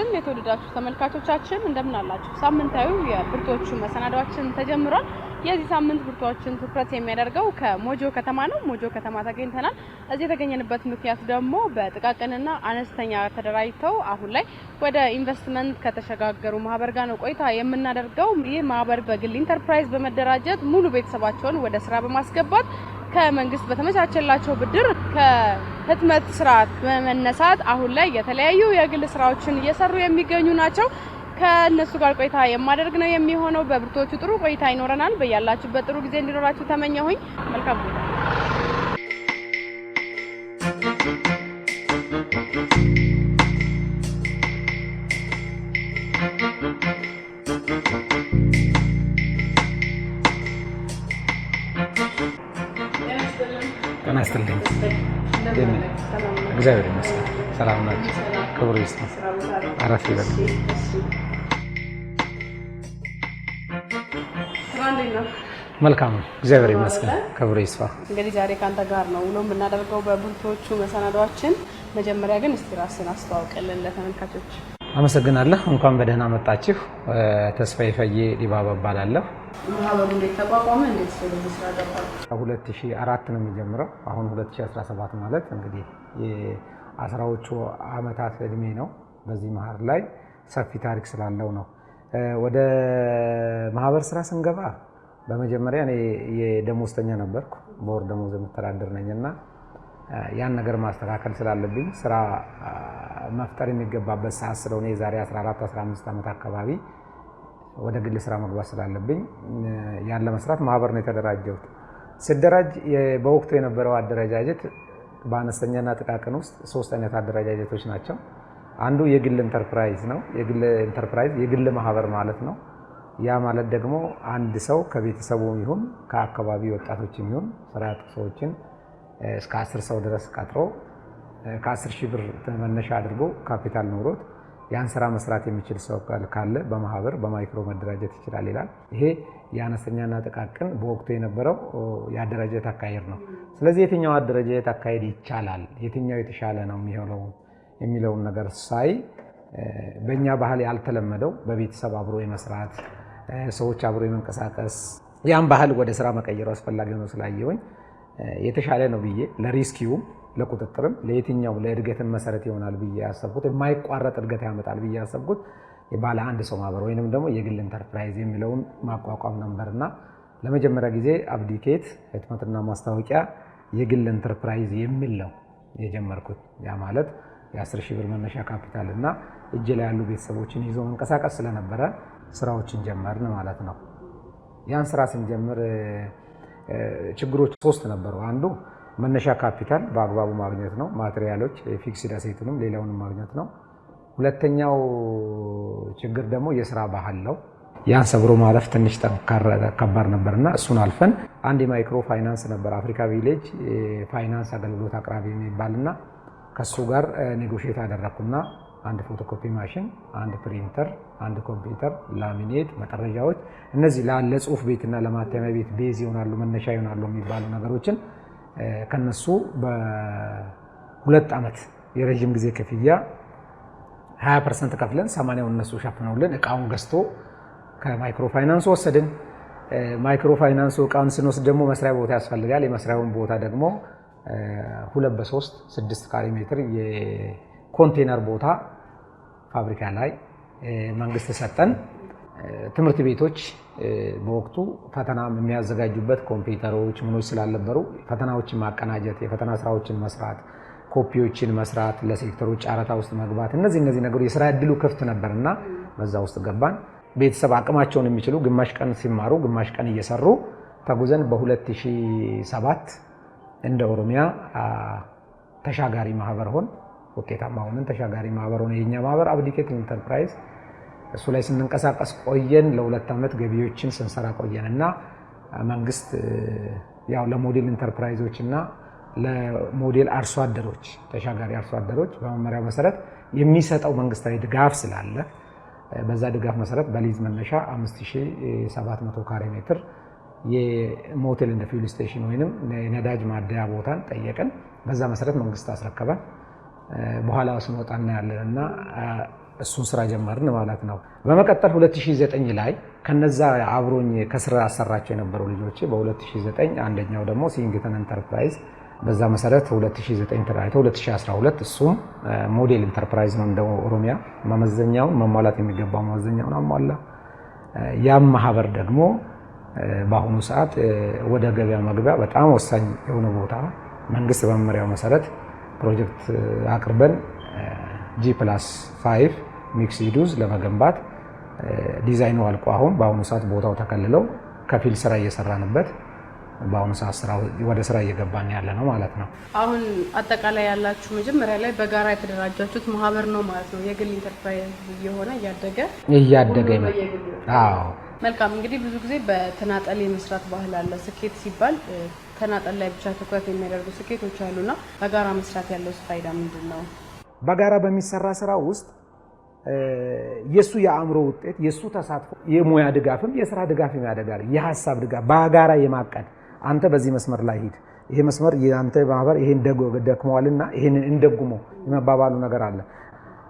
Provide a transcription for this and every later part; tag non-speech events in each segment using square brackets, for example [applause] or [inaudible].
ይስጥልን የተወደዳችሁ ተመልካቾቻችን እንደምን አላችሁ? ሳምንታዊ የብርቱዎቹ መሰናዷችን ተጀምሯል። የዚህ ሳምንት ብርቱዎችን ትኩረት የሚያደርገው ከሞጆ ከተማ ነው። ሞጆ ከተማ ተገኝተናል። እዚህ የተገኘንበት ምክንያት ደግሞ በጥቃቅንና አነስተኛ ተደራጅተው አሁን ላይ ወደ ኢንቨስትመንት ከተሸጋገሩ ማህበር ጋር ነው ቆይታ የምናደርገው። ይህ ማህበር በግል ኢንተርፕራይዝ በመደራጀት ሙሉ ቤተሰባቸውን ወደ ስራ በማስገባት ከመንግስት በተመቻቸላቸው ብድር ህትመት ስርዓት በመነሳት አሁን ላይ የተለያዩ የግል ስራዎችን እየሰሩ የሚገኙ ናቸው። ከእነሱ ጋር ቆይታ የማደርግ ነው የሚሆነው። በብርቶቹ ጥሩ ቆይታ ይኖረናል። በያላችሁበት ጥሩ ጊዜ እንዲኖራችሁ ተመኘሁኝ። መልካም እግዚአብሔር ይመስገን። ሰላም ናቸው። ክብሩ ይስጥ። አረፍ ይበል። መልካም ነው። እግዚአብሔር ይመስገን። ክብሩ ይስፋ። እንግዲህ ዛሬ ከአንተ ጋር ነው ውሎ የምናደርገው በቡልቶቹ መሰናዷችን። መጀመሪያ ግን እስቲ ራስን አስተዋውቅልን ለተመልካቾች። አመሰግናለሁ። እንኳን በደህና መጣችሁ። ተስፋዬ ፈዬ ዲባባ እባላለሁ። ነው የሚጀምረው። አሁን 2017 ማለት እንግዲህ የአስራዎቹ አመታት እድሜ ነው። በዚህ መሀል ላይ ሰፊ ታሪክ ስላለው ነው። ወደ ማህበር ስራ ስንገባ በመጀመሪያ እኔ የደሞዝተኛ ነበርኩ። በወር ደሞዝ የምተዳደር ነኝና ያን ነገር ማስተካከል ስላለብኝ ስራ መፍጠር የሚገባበት ሰዓት ስለሆነ የዛሬ 14 15 ዓመት አካባቢ ወደ ግል ስራ መግባት ስላለብኝ ያን ለመስራት ማህበር ነው የተደራጀሁት። ስደራጅ በወቅቱ የነበረው አደረጃጀት በአነስተኛና ጥቃቅን ውስጥ ሶስት አይነት አደረጃጀቶች ናቸው። አንዱ የግል ኢንተርፕራይዝ ነው። የግል ኢንተርፕራይዝ የግል ማህበር ማለት ነው። ያ ማለት ደግሞ አንድ ሰው ከቤተሰቡም ይሁን ከአካባቢ ወጣቶችም ይሁን ስራ ያጡ ሰዎችን እስከ አስር ሰው ድረስ ቀጥሮ ከአስር ሺህ ብር መነሻ አድርጎ ካፒታል ኖሮት ያን ስራ መስራት የሚችል ሰው ካለ በማህበር በማይክሮ መደራጀት ይችላል ይላል። ይሄ የአነስተኛና ጥቃቅን በወቅቱ የነበረው የአደራጀት አካሄድ ነው። ስለዚህ የትኛው አደረጀት አካሄድ ይቻላል፣ የትኛው የተሻለ ነው የሚሆነው የሚለውን ነገር ሳይ በእኛ ባህል ያልተለመደው በቤተሰብ አብሮ የመስራት ሰዎች አብሮ የመንቀሳቀስ ያን ባህል ወደ ስራ መቀየሩ አስፈላጊ ሆኖ ስላየውኝ የተሻለ ነው ብዬ ለሪስኪውም ለቁጥጥርም ለየትኛው ለእድገትን መሰረት ይሆናል ብዬ ያሰብኩት የማይቋረጥ እድገት ያመጣል ብዬ ያሰብኩት ባለ አንድ ሰው ማህበር ወይንም ደግሞ የግል ኢንተርፕራይዝ የሚለውን ማቋቋም እና ለመጀመሪያ ጊዜ አብዲኬት ህትመትና ማስታወቂያ የግል ኢንተርፕራይዝ የሚል ነው የጀመርኩት። ያ ማለት የ10 ሺህ ብር መነሻ ካፒታል እና እጅ ላይ ያሉ ቤተሰቦችን ይዞ መንቀሳቀስ ስለነበረ ስራዎችን ጀመርን ማለት ነው። ያን ስራ ስንጀምር ችግሮች ሶስት ነበሩ። አንዱ መነሻ ካፒታል በአግባቡ ማግኘት ነው፣ ማቴሪያሎች የፊክስድ አሴትንም ሌላውንም ማግኘት ነው። ሁለተኛው ችግር ደግሞ የስራ ባህል ነው። ያን ሰብሮ ማለፍ ትንሽ ከባድ ነበር እና እሱን አልፈን አንድ የማይክሮ ፋይናንስ ነበር አፍሪካ ቪሌጅ ፋይናንስ አገልግሎት አቅራቢ የሚባል እና ከእሱ ጋር ኔጎሽት አደረግኩና አንድ ፎቶኮፒ ማሽን፣ አንድ ፕሪንተር፣ አንድ ኮምፒውተር፣ ላሚኔት፣ መጠረዣዎች እነዚህ ለጽሁፍ ቤትና ለማተሚያ ቤት ቤዝ ይሆናሉ፣ መነሻ ይሆናሉ የሚባሉ ነገሮችን ከነሱ በሁለት ዓመት የረዥም ጊዜ ክፍያ 20 ፐርሰንት ከፍለን 80 እነሱ ሸፍነውልን እቃውን ገዝቶ ከማይክሮ ፋይናንሱ ወሰድን። ማይክሮ ፋይናንሱ እቃውን ስንወስድ ደግሞ መስሪያ ቦታ ያስፈልጋል። የመስሪያውን ቦታ ደግሞ ሁለት በሶስት ስድስት ካሬ ሜትር ኮንቴነር ቦታ ፋብሪካ ላይ መንግስት ሰጠን። ትምህርት ቤቶች በወቅቱ ፈተና የሚያዘጋጁበት ኮምፒውተሮች ምኖች ስላልነበሩ ፈተናዎችን ማቀናጀት፣ የፈተና ስራዎችን መስራት፣ ኮፒዎችን መስራት፣ ለሴክተሮች ጨረታ ውስጥ መግባት፣ እነዚህ እነዚህ ነገሮች የስራ እድሉ ክፍት ነበር እና በዛ ውስጥ ገባን። ቤተሰብ አቅማቸውን የሚችሉ ግማሽ ቀን ሲማሩ ግማሽ ቀን እየሰሩ ተጉዘን በ2007 እንደ ኦሮሚያ ተሻጋሪ ማህበር ሆን ውጤታማ ሆነን ተሻጋሪ ማህበር ሆነ። የኛ ማህበር አብዲኬት ኢንተርፕራይዝ እሱ ላይ ስንንቀሳቀስ ቆየን። ለሁለት ዓመት ገቢዎችን ስንሰራ ቆየን እና መንግስት ያው ለሞዴል ኢንተርፕራይዞች እና ለሞዴል አርሶ አደሮች ተሻጋሪ አርሶ አደሮች በመመሪያው መሰረት የሚሰጠው መንግስታዊ ድጋፍ ስላለ በዛ ድጋፍ መሰረት በሊዝ መነሻ 5700 ካሬ ሜትር የሞቴል እንደ ፊውል ስቴሽን ወይንም ነዳጅ ማደያ ቦታን ጠየቅን። በዛ መሰረት መንግስት አስረከበን። በኋላ ስንወጣ እናያለን እና እሱን ስራ ጀመርን ማለት ነው። በመቀጠል 2009 ላይ ከነዛ አብሮኝ ከስራ አሰራቸው የነበሩ ልጆች በ2009 አንደኛው ደግሞ ሲንግተን ኢንተርፕራይዝ በዛ መሰረት 2009 ተደራጅቶ 2012 እሱም ሞዴል ኢንተርፕራይዝ ነው እንደ ኦሮሚያ መመዘኛውን መሟላት የሚገባው መመዘኛውን አሟላ። ያም ማህበር ደግሞ በአሁኑ ሰዓት ወደ ገበያ መግቢያ በጣም ወሳኝ የሆነ ቦታ መንግስት በመመሪያው መሰረት ፕሮጀክት አቅርበን ጂ ፕላስ 5 ሚክስ ዩዝ ለመገንባት ዲዛይኑ አልቆ አሁን በአሁኑ ሰዓት ቦታው ተከልለው ከፊል ስራ እየሰራንበት በአሁኑ ሰዓት ስራ ወደ ስራ እየገባን ያለ ነው ማለት ነው። አሁን አጠቃላይ ያላችሁ መጀመሪያ ላይ በጋራ የተደራጃችሁት ማህበር ነው ማለት ነው። የግል ኢንተርፕራይዝ እየሆነ እያደገ እያደገ መልካም። እንግዲህ ብዙ ጊዜ በተናጠል የመስራት ባህል አለ። ስኬት ሲባል ተናጠል ላይ ብቻ ትኩረት የሚያደርጉ ስኬቶች አሉና በጋራ መስራት ያለው ፋይዳ ምንድን ነው? በጋራ በሚሰራ ስራ ውስጥ የእሱ የአእምሮ ውጤት የእሱ ተሳትፎ፣ የሙያ ድጋፍም የስራ ድጋፍም ያደጋል። የሀሳብ ድጋፍ በጋራ የማቀድ አንተ በዚህ መስመር ላይ ሂድ፣ ይሄ መስመር የአንተ ማህበር ይሄን ደክመዋልና ይሄንን እንደጉሞ የመባባሉ ነገር አለ።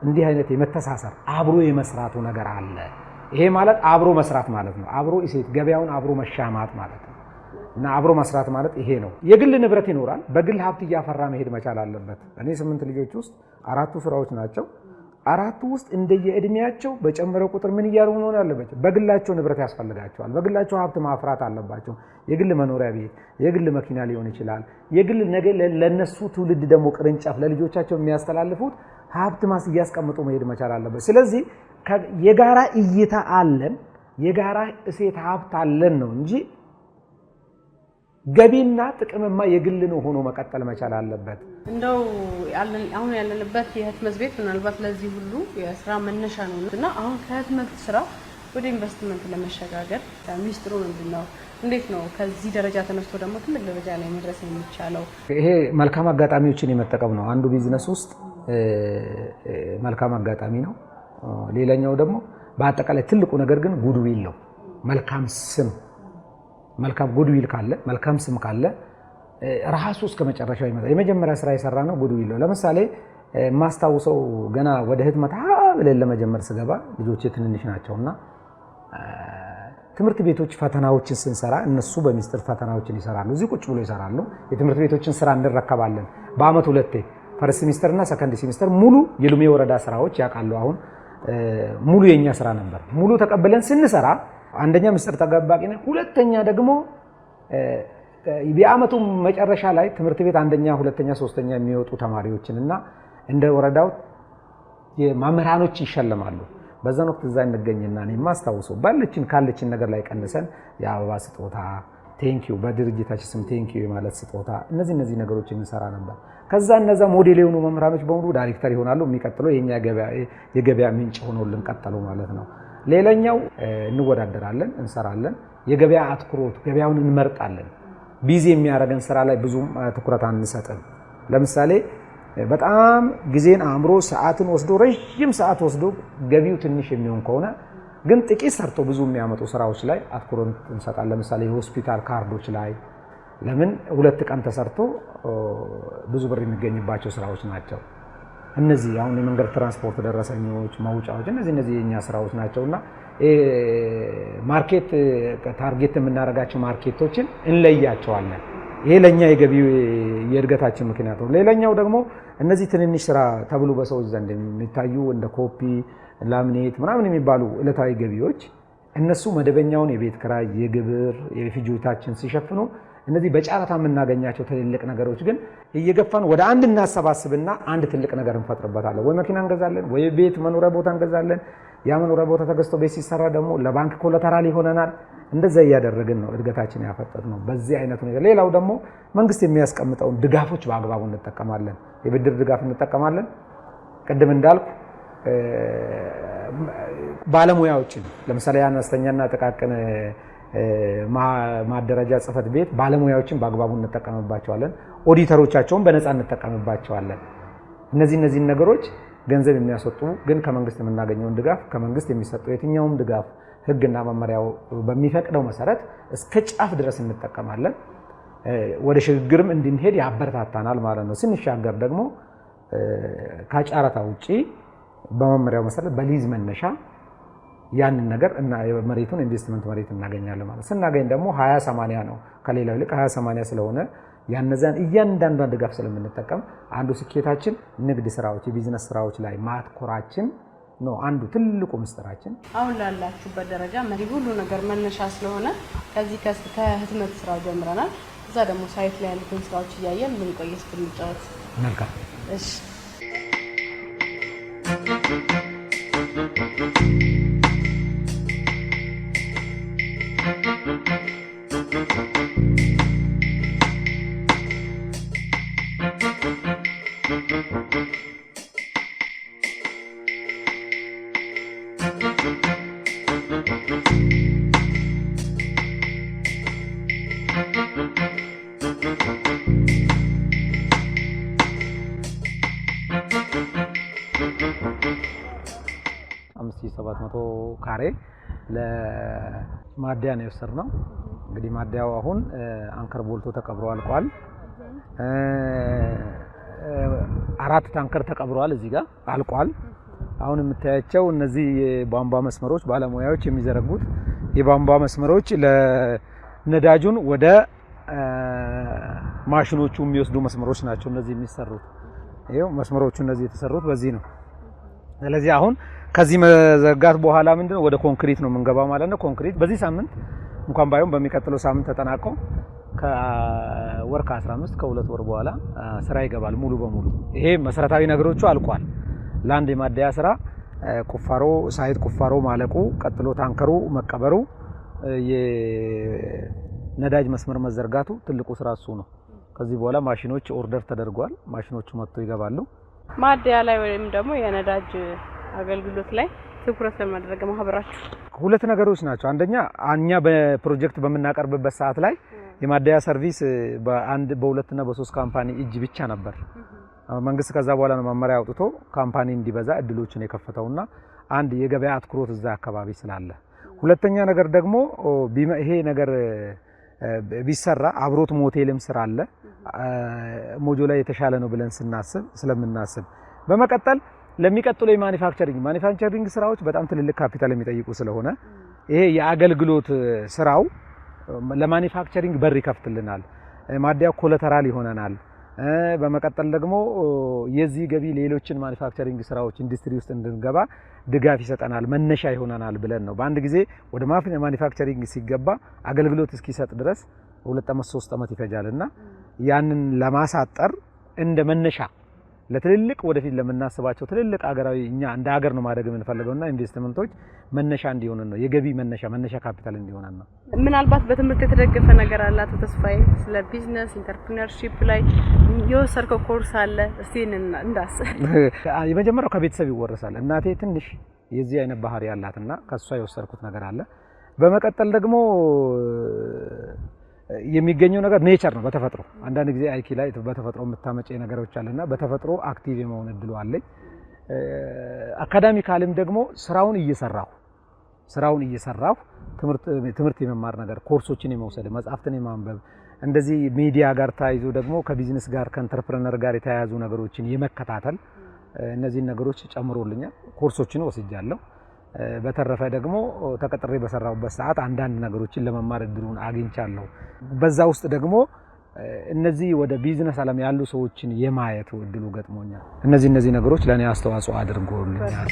እንዲህ አይነት የመተሳሰር አብሮ የመስራቱ ነገር አለ። ይሄ ማለት አብሮ መስራት ማለት ነው። አብሮ እሴት ገበያውን አብሮ መሻማት ማለት ነው። እና አብሮ መስራት ማለት ይሄ ነው። የግል ንብረት ይኖራል። በግል ሀብት እያፈራ መሄድ መቻል አለበት። እኔ ስምንት ልጆች ውስጥ አራቱ ስራዎች ናቸው። አራቱ ውስጥ እንደየእድሜያቸው በጨመረ ቁጥር ምን እያሉ መሆን አለባቸው? በግላቸው ንብረት ያስፈልጋቸዋል። በግላቸው ሀብት ማፍራት አለባቸው። የግል መኖሪያ ቤት፣ የግል መኪና ሊሆን ይችላል። የግል ነገ ለነሱ ትውልድ ደግሞ ቅርንጫፍ ለልጆቻቸው የሚያስተላልፉት ሀብት ማስ እያስቀምጡ መሄድ መቻል አለበት። ስለዚህ የጋራ እይታ አለን፣ የጋራ እሴት ሀብት አለን ነው እንጂ ገቢና ጥቅምማ የግል ነው ሆኖ መቀጠል መቻል አለበት። እንደው አሁን ያለንበት የህትመት ቤት ምናልባት ለዚህ ሁሉ የስራ መነሻ ነው እና አሁን ከህትመት ስራ ወደ ኢንቨስትመንት ለመሸጋገር ሚስጥሩ ምንድን ነው? እንዴት ነው ከዚህ ደረጃ ተነስቶ ደግሞ ትልቅ ደረጃ ላይ መድረስ የሚቻለው? ይሄ መልካም አጋጣሚዎችን የመጠቀም ነው። አንዱ ቢዝነስ ውስጥ መልካም አጋጣሚ ነው። ሌላኛው ደግሞ በአጠቃላይ ትልቁ ነገር ግን ጉድዊል ነው፣ መልካም ስም መልካም ጉድዊል ካለ መልካም ስም ካለ ራሱ እስከ መጨረሻው ይመጣል። የመጀመሪያ ስራ የሰራ ነው ጉድዊል ነው። ለምሳሌ ማስታውሰው ገና ወደ ህትመት ብለን ለመጀመር ስገባ ልጆች ትንንሽ ናቸውና ትምህርት ቤቶች ፈተናዎችን ስንሰራ እነሱ በሚስጥር ፈተናዎችን ይሰራሉ። እዚህ ቁጭ ብሎ ይሰራሉ። የትምህርት ቤቶችን ስራ እንረከባለን በአመት ሁለቴ ፈርስት ሲሚስተር እና ሰከንድ ሲሚስተር ሙሉ የሉሜ ወረዳ ስራዎች ያውቃሉ። አሁን ሙሉ የኛ ስራ ነበር። ሙሉ ተቀብለን ስንሰራ አንደኛ ምስጢር ተጠባባቂ ነን። ሁለተኛ ደግሞ የዓመቱ መጨረሻ ላይ ትምህርት ቤት አንደኛ፣ ሁለተኛ፣ ሶስተኛ የሚወጡ ተማሪዎችን እና እንደ ወረዳው መምህራኖች ይሸለማሉ። በዛን ወቅት እዛ እንገኝና እኔ የማስታውሰው ባለችን ካለችን ነገር ላይ ቀንሰን የአበባ ስጦታ ቴንኪዩ፣ በድርጅታችን ስም ቴንኪዩ የማለት ስጦታ፣ እነዚህ እነዚህ ነገሮች እንሰራ ነበር። ከዛ እነዛ ሞዴል የሆኑ መምህራኖች በሙሉ ዳይሬክተር ይሆናሉ። የሚቀጥለው የኛ የገበያ ምንጭ ሆኖልን ቀጠሉ ማለት ነው። ሌላኛው እንወዳደራለን፣ እንሰራለን። የገበያ አትኩሮት ገበያውን እንመርጣለን። ቢዚ የሚያደርገን ስራ ላይ ብዙም ትኩረት አንሰጥም። ለምሳሌ በጣም ጊዜን አእምሮ ሰዓትን ወስዶ ረዥም ሰዓት ወስዶ ገቢው ትንሽ የሚሆን ከሆነ ግን ጥቂት ሰርቶ ብዙ የሚያመጡ ስራዎች ላይ አትኩሮት እንሰጣለን። ለምሳሌ የሆስፒታል ካርዶች ላይ ለምን ሁለት ቀን ተሰርቶ ብዙ ብር የሚገኝባቸው ስራዎች ናቸው። እነዚህ አሁን የመንገድ ትራንስፖርት ደረሰኞች፣ መውጫዎች እነዚህ እነዚህ የኛ ስራዎች ናቸው እና ማርኬት ታርጌት የምናደርጋቸው ማርኬቶችን እንለያቸዋለን። ይሄ ለእኛ የገቢ የእድገታችን ምክንያት ነው። ሌላኛው ደግሞ እነዚህ ትንንሽ ስራ ተብሎ በሰዎች ዘንድ የሚታዩ እንደ ኮፒ፣ ላምኔት ምናምን የሚባሉ እለታዊ ገቢዎች እነሱ መደበኛውን የቤት ክራይ፣ የግብር፣ የፍጆታችን ሲሸፍኑ እነዚህ በጨረታ የምናገኛቸው ትልልቅ ነገሮች ግን እየገፋን ወደ አንድ እናሰባስብና አንድ ትልቅ ነገር እንፈጥርበታለን። ወይ መኪና እንገዛለን፣ ወይ ቤት መኖሪያ ቦታ እንገዛለን። ያ መኖሪያ ቦታ ተገዝቶ ቤት ሲሰራ ደግሞ ለባንክ ኮለተራል ይሆነናል። እንደዛ እያደረግን ነው እድገታችን ያፈጠት ነው በዚህ አይነት ሁኔታ። ሌላው ደግሞ መንግስት የሚያስቀምጠውን ድጋፎች በአግባቡ እንጠቀማለን። የብድር ድጋፍ እንጠቀማለን። ቅድም እንዳልኩ ባለሙያዎችን ለምሳሌ አነስተኛና ጥቃቅን ማደራጃ ጽህፈት ቤት ባለሙያዎችን በአግባቡ እንጠቀምባቸዋለን። ኦዲተሮቻቸውን በነፃ እንጠቀምባቸዋለን። እነዚህ እነዚህን ነገሮች ገንዘብ የሚያስወጡ ግን ከመንግስት የምናገኘውን ድጋፍ ከመንግስት የሚሰጠው የትኛውም ድጋፍ ህግና መመሪያው በሚፈቅደው መሰረት እስከ ጫፍ ድረስ እንጠቀማለን። ወደ ሽግግርም እንድንሄድ ያበረታታናል ማለት ነው። ስንሻገር ደግሞ ከጨረታ ውጪ በመመሪያው መሰረት በሊዝ መነሻ ያንን ነገር መሬቱን ኢንቨስትመንት መሬት እናገኛለን ማለት ስናገኝ ደግሞ ሀያ ሰማንያ ነው ከሌላው ይልቅ ሀያ ሰማንያ ስለሆነ ያነዛን እያንዳንዷን ድጋፍ ስለምንጠቀም አንዱ ስኬታችን ንግድ ስራዎች፣ የቢዝነስ ስራዎች ላይ ማትኮራችን ነው አንዱ ትልቁ ምስጢራችን። አሁን ላላችሁበት ደረጃ መሪ ሁሉ ነገር መነሻ ስለሆነ ከዚህ ከህትመት ስራ ጀምረናል። እዛ ደግሞ ሳይት ላይ ያሉትን ስራዎች እያየን ምንቆየስ ብንጫወት መልካም። እሺ አምስት ሺህ ሰባት ካሬ ነው እንግዲህ ማዲያው አሁን አንከር ቦልቶ ተቀብሮ አልቋል። አራት ታንከር ተቀብረዋል። እዚህ ጋር አልቋል። አሁን የምታያቸው እነዚህ የቧንቧ መስመሮች ባለሙያዎች የሚዘረጉት የቧንቧ መስመሮች ለነዳጁን ወደ ማሽኖቹ የሚወስዱ መስመሮች ናቸው። እነዚህ የሚሰሩት ይኸው መስመሮቹ እነዚህ የተሰሩት በዚህ ነው። ስለዚህ አሁን ከዚህ መዘርጋት በኋላ ምንድነው ወደ ኮንክሪት ነው የምንገባው ማለት ነው። ኮንክሪት በዚህ ሳምንት እንኳን ባይሆን በሚቀጥለው ሳምንት ተጠናቆ ከወር ከ15 ከሁለት ወር በኋላ ስራ ይገባል ሙሉ በሙሉ። ይሄ መሰረታዊ ነገሮቹ አልቋል። ለአንድ የማደያ ስራ ቁፋሮ ሳይት ቁፋሮ ማለቁ፣ ቀጥሎ ታንከሩ መቀበሩ፣ የነዳጅ መስመር መዘርጋቱ ትልቁ ስራ እሱ ነው። ከዚህ በኋላ ማሽኖች ኦርደር ተደርጓል። ማሽኖቹ መጥቶ ይገባሉ። ማደያ ላይ ወይም ደግሞ የነዳጅ አገልግሎት ላይ ትኩረት ለማድረግ ማህበራችሁ ሁለት ነገሮች ናቸው። አንደኛ እኛ በፕሮጀክት በምናቀርብበት ሰዓት ላይ የማደያ ሰርቪስ በአንድ በሁለትና በሶስት ካምፓኒ እጅ ብቻ ነበር መንግስት ከዛ በኋላ ነው መመሪያ አውጥቶ ካምፓኒ እንዲበዛ እድሎችን የከፈተውና አንድ የገበያ አትኩሮት እዛ አካባቢ ስላለ፣ ሁለተኛ ነገር ደግሞ ይሄ ነገር ቢሰራ አብሮት ሞቴልም ስራ አለ ሞጆ ላይ የተሻለ ነው ብለን ስናስብ ስለምናስብ በመቀጠል ለሚቀጥለው የማኒፋክቸሪንግ ማኒፋክቸሪንግ ስራዎች በጣም ትልልቅ ካፒታል የሚጠይቁ ስለሆነ ይሄ የአገልግሎት ስራው ለማኒፋክቸሪንግ በር ይከፍትልናል። ማዲያ ኮለተራል ይሆነናል። በመቀጠል ደግሞ የዚህ ገቢ ሌሎችን ማኒፋክቸሪንግ ስራዎች ኢንዱስትሪ ውስጥ እንድንገባ ድጋፍ ይሰጠናል፣ መነሻ ይሆነናል ብለን ነው። በአንድ ጊዜ ወደ ማኒፋክቸሪንግ ሲገባ አገልግሎት እስኪሰጥ ድረስ ሁለት ዓመት ሶስት ዓመት ይፈጃል እና ያንን ለማሳጠር እንደ መነሻ ለትልልቅ ወደፊት ለምናስባቸው ትልልቅ ሀገራዊ እኛ እንደ ሀገር ነው ማድረግ የምንፈልገውና ኢንቨስትመንቶች መነሻ እንዲሆን ነው የገቢ መነሻ መነሻ ካፒታል እንዲሆን ነው። ምናልባት በትምህርት የተደገፈ ነገር አለ። አቶ ተስፋዬ ስለ ቢዝነስ ኢንተርፕሪነርሺፕ ላይ የወሰድከው ኮርስ አለ? እስቲ እንዳስ [laughs] የመጀመሪያው ከቤተሰብ ይወረሳል። እናቴ ትንሽ የዚህ አይነት ባህሪ ያላትና ከእሷ የወሰድኩት ነገር አለ። በመቀጠል ደግሞ የሚገኘው ነገር ኔቸር ነው። በተፈጥሮ አንዳንድ ጊዜ አይኪ ላይ በተፈጥሮ የምታመጨ ነገሮች አለና በተፈጥሮ አክቲቭ የመሆን እድሉ አለኝ። አካዳሚካልም ደግሞ ስራውን እየሰራሁ ስራውን እየሰራሁ ትምህርት የመማር ነገር ኮርሶችን የመውሰድ መጽሐፍትን የማንበብ እንደዚህ ሚዲያ ጋር ተያይዞ ደግሞ ከቢዝነስ ጋር ከኢንተርፕረነር ጋር የተያያዙ ነገሮችን የመከታተል እነዚህን ነገሮች ጨምሮልኛል። ኮርሶችን ወስጃለሁ። በተረፈ ደግሞ ተቀጥሬ በሰራሁበት ሰዓት አንዳንድ ነገሮችን ለመማር እድሉን አግኝቻለሁ። በዛ ውስጥ ደግሞ እነዚህ ወደ ቢዝነስ ዓለም ያሉ ሰዎችን የማየት እድሉ ገጥሞኛል። እነዚህ እነዚህ ነገሮች ለእኔ አስተዋጽኦ አድርጎልኛል።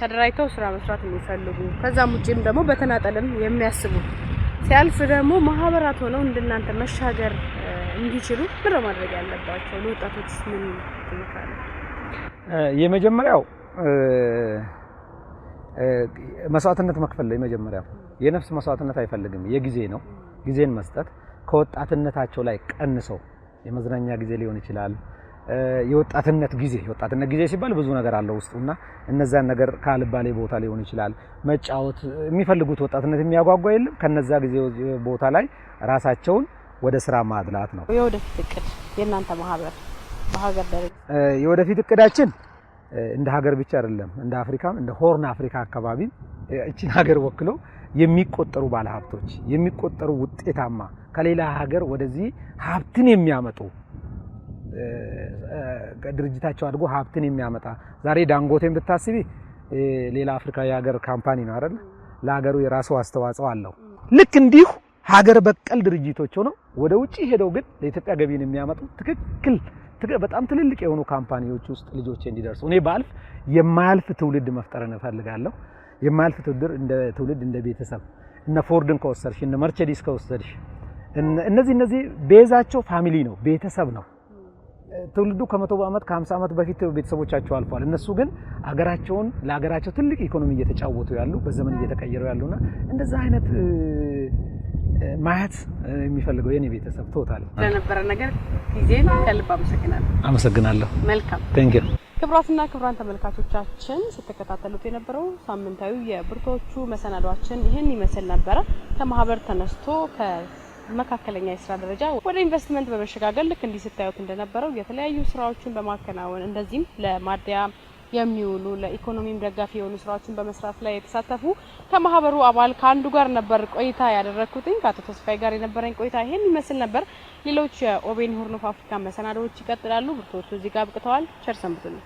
ተደራጅተው ስራ መስራት የሚፈልጉ ከዛም ውጭም ደግሞ በተናጠልም የሚያስቡ ሲያልፍ ደግሞ ማህበራት ሆነው እንደናንተ መሻገር እንዲችሉ ምረ ማድረግ ያለባቸው ለወጣቶች ምን ትመክራለ? የመጀመሪያው መስዋዕትነት መክፈል ላይ መጀመሪያው የነፍስ መስዋዕትነት አይፈልግም፣ የጊዜ ነው። ጊዜን መስጠት ከወጣትነታቸው ላይ ቀንሰው የመዝናኛ ጊዜ ሊሆን ይችላል የወጣትነት ጊዜ የወጣትነት ጊዜ ሲባል ብዙ ነገር አለው ውስጡና እነዛን ነገር ካልባሌ ቦታ ሊሆን ይችላል መጫወት የሚፈልጉት ወጣትነት የሚያጓጓ የለም። ከነዛ ጊዜ ቦታ ላይ ራሳቸውን ወደ ስራ ማድላት ነው የወደፊት እቅድ የእናንተ ማህበር በሀገር ደረጃ? የወደፊት እቅዳችን እንደ ሀገር ብቻ አይደለም፣ እንደ አፍሪካም እንደ ሆርን አፍሪካ አካባቢ እችን ሀገር ወክለው የሚቆጠሩ ባለሀብቶች የሚቆጠሩ ውጤታማ ከሌላ ሀገር ወደዚህ ሀብትን የሚያመጡ ድርጅታቸው አድጎ ሀብትን የሚያመጣ ዛሬ ዳንጎቴን ብታስቢ ሌላ አፍሪካዊ ሀገር ካምፓኒ ነው አይደል? ለሀገሩ የራሱ አስተዋጽኦ አለው። ልክ እንዲሁ ሀገር በቀል ድርጅቶች ሆነው ወደ ውጭ ሄደው ግን ለኢትዮጵያ ገቢን የሚያመጡ ትክክል በጣም ትልልቅ የሆኑ ካምፓኒዎች ውስጥ ልጆች እንዲደርሱ እኔ ባልፍ የማያልፍ ትውልድ መፍጠር እንፈልጋለሁ። የማያልፍ ትውልድ እንደ ቤተሰብ እነ ፎርድን ከወሰድሽ እነ መርቸዲስ ከወሰድሽ እነዚህ እነዚህ ቤዛቸው ፋሚሊ ነው፣ ቤተሰብ ነው። ትውልዱ ከመቶ ዓመት ከ50 ዓመት በፊት ቤተሰቦቻቸው አልፏል። እነሱ ግን አገራቸውን ለሀገራቸው ትልቅ ኢኮኖሚ እየተጫወቱ ያሉ በዘመን እየተቀየሩ ያሉና እንደዛ አይነት ማየት የሚፈልገው የኔ ቤተሰብ ቶታል። ለነበረ ነገር ጊዜ ከልብ አመሰግናለሁ። አመሰግናለሁ። መልካም ቴንክ ዩ። ክብራትና ክብራን ተመልካቾቻችን ስትከታተሉት የነበረው ሳምንታዊ የብርቶቹ መሰናዷችን ይህን ይመስል ነበረ። ከማህበር ተነስቶ ከመካከለኛ የስራ ደረጃ ወደ ኢንቨስትመንት በመሸጋገር ልክ እንዲህ ስታዩት እንደነበረው የተለያዩ ስራዎችን በማከናወን እንደዚህም ለማደያ የሚውሉ ለኢኮኖሚም ደጋፊ የሆኑ ስራዎችን በመስራት ላይ የተሳተፉ ከማህበሩ አባል ከአንዱ ጋር ነበር ቆይታ ያደረግኩትኝ። ከአቶ ተስፋይ ጋር የነበረኝ ቆይታ ይሄን ይመስል ነበር። ሌሎች የኦቤን ሆርን ኦፍ አፍሪካ መሰናዶዎች ይቀጥላሉ። ብርቶቹ እዚህ ጋር አብቅተዋል። ቸር ሰንብቱልኝ።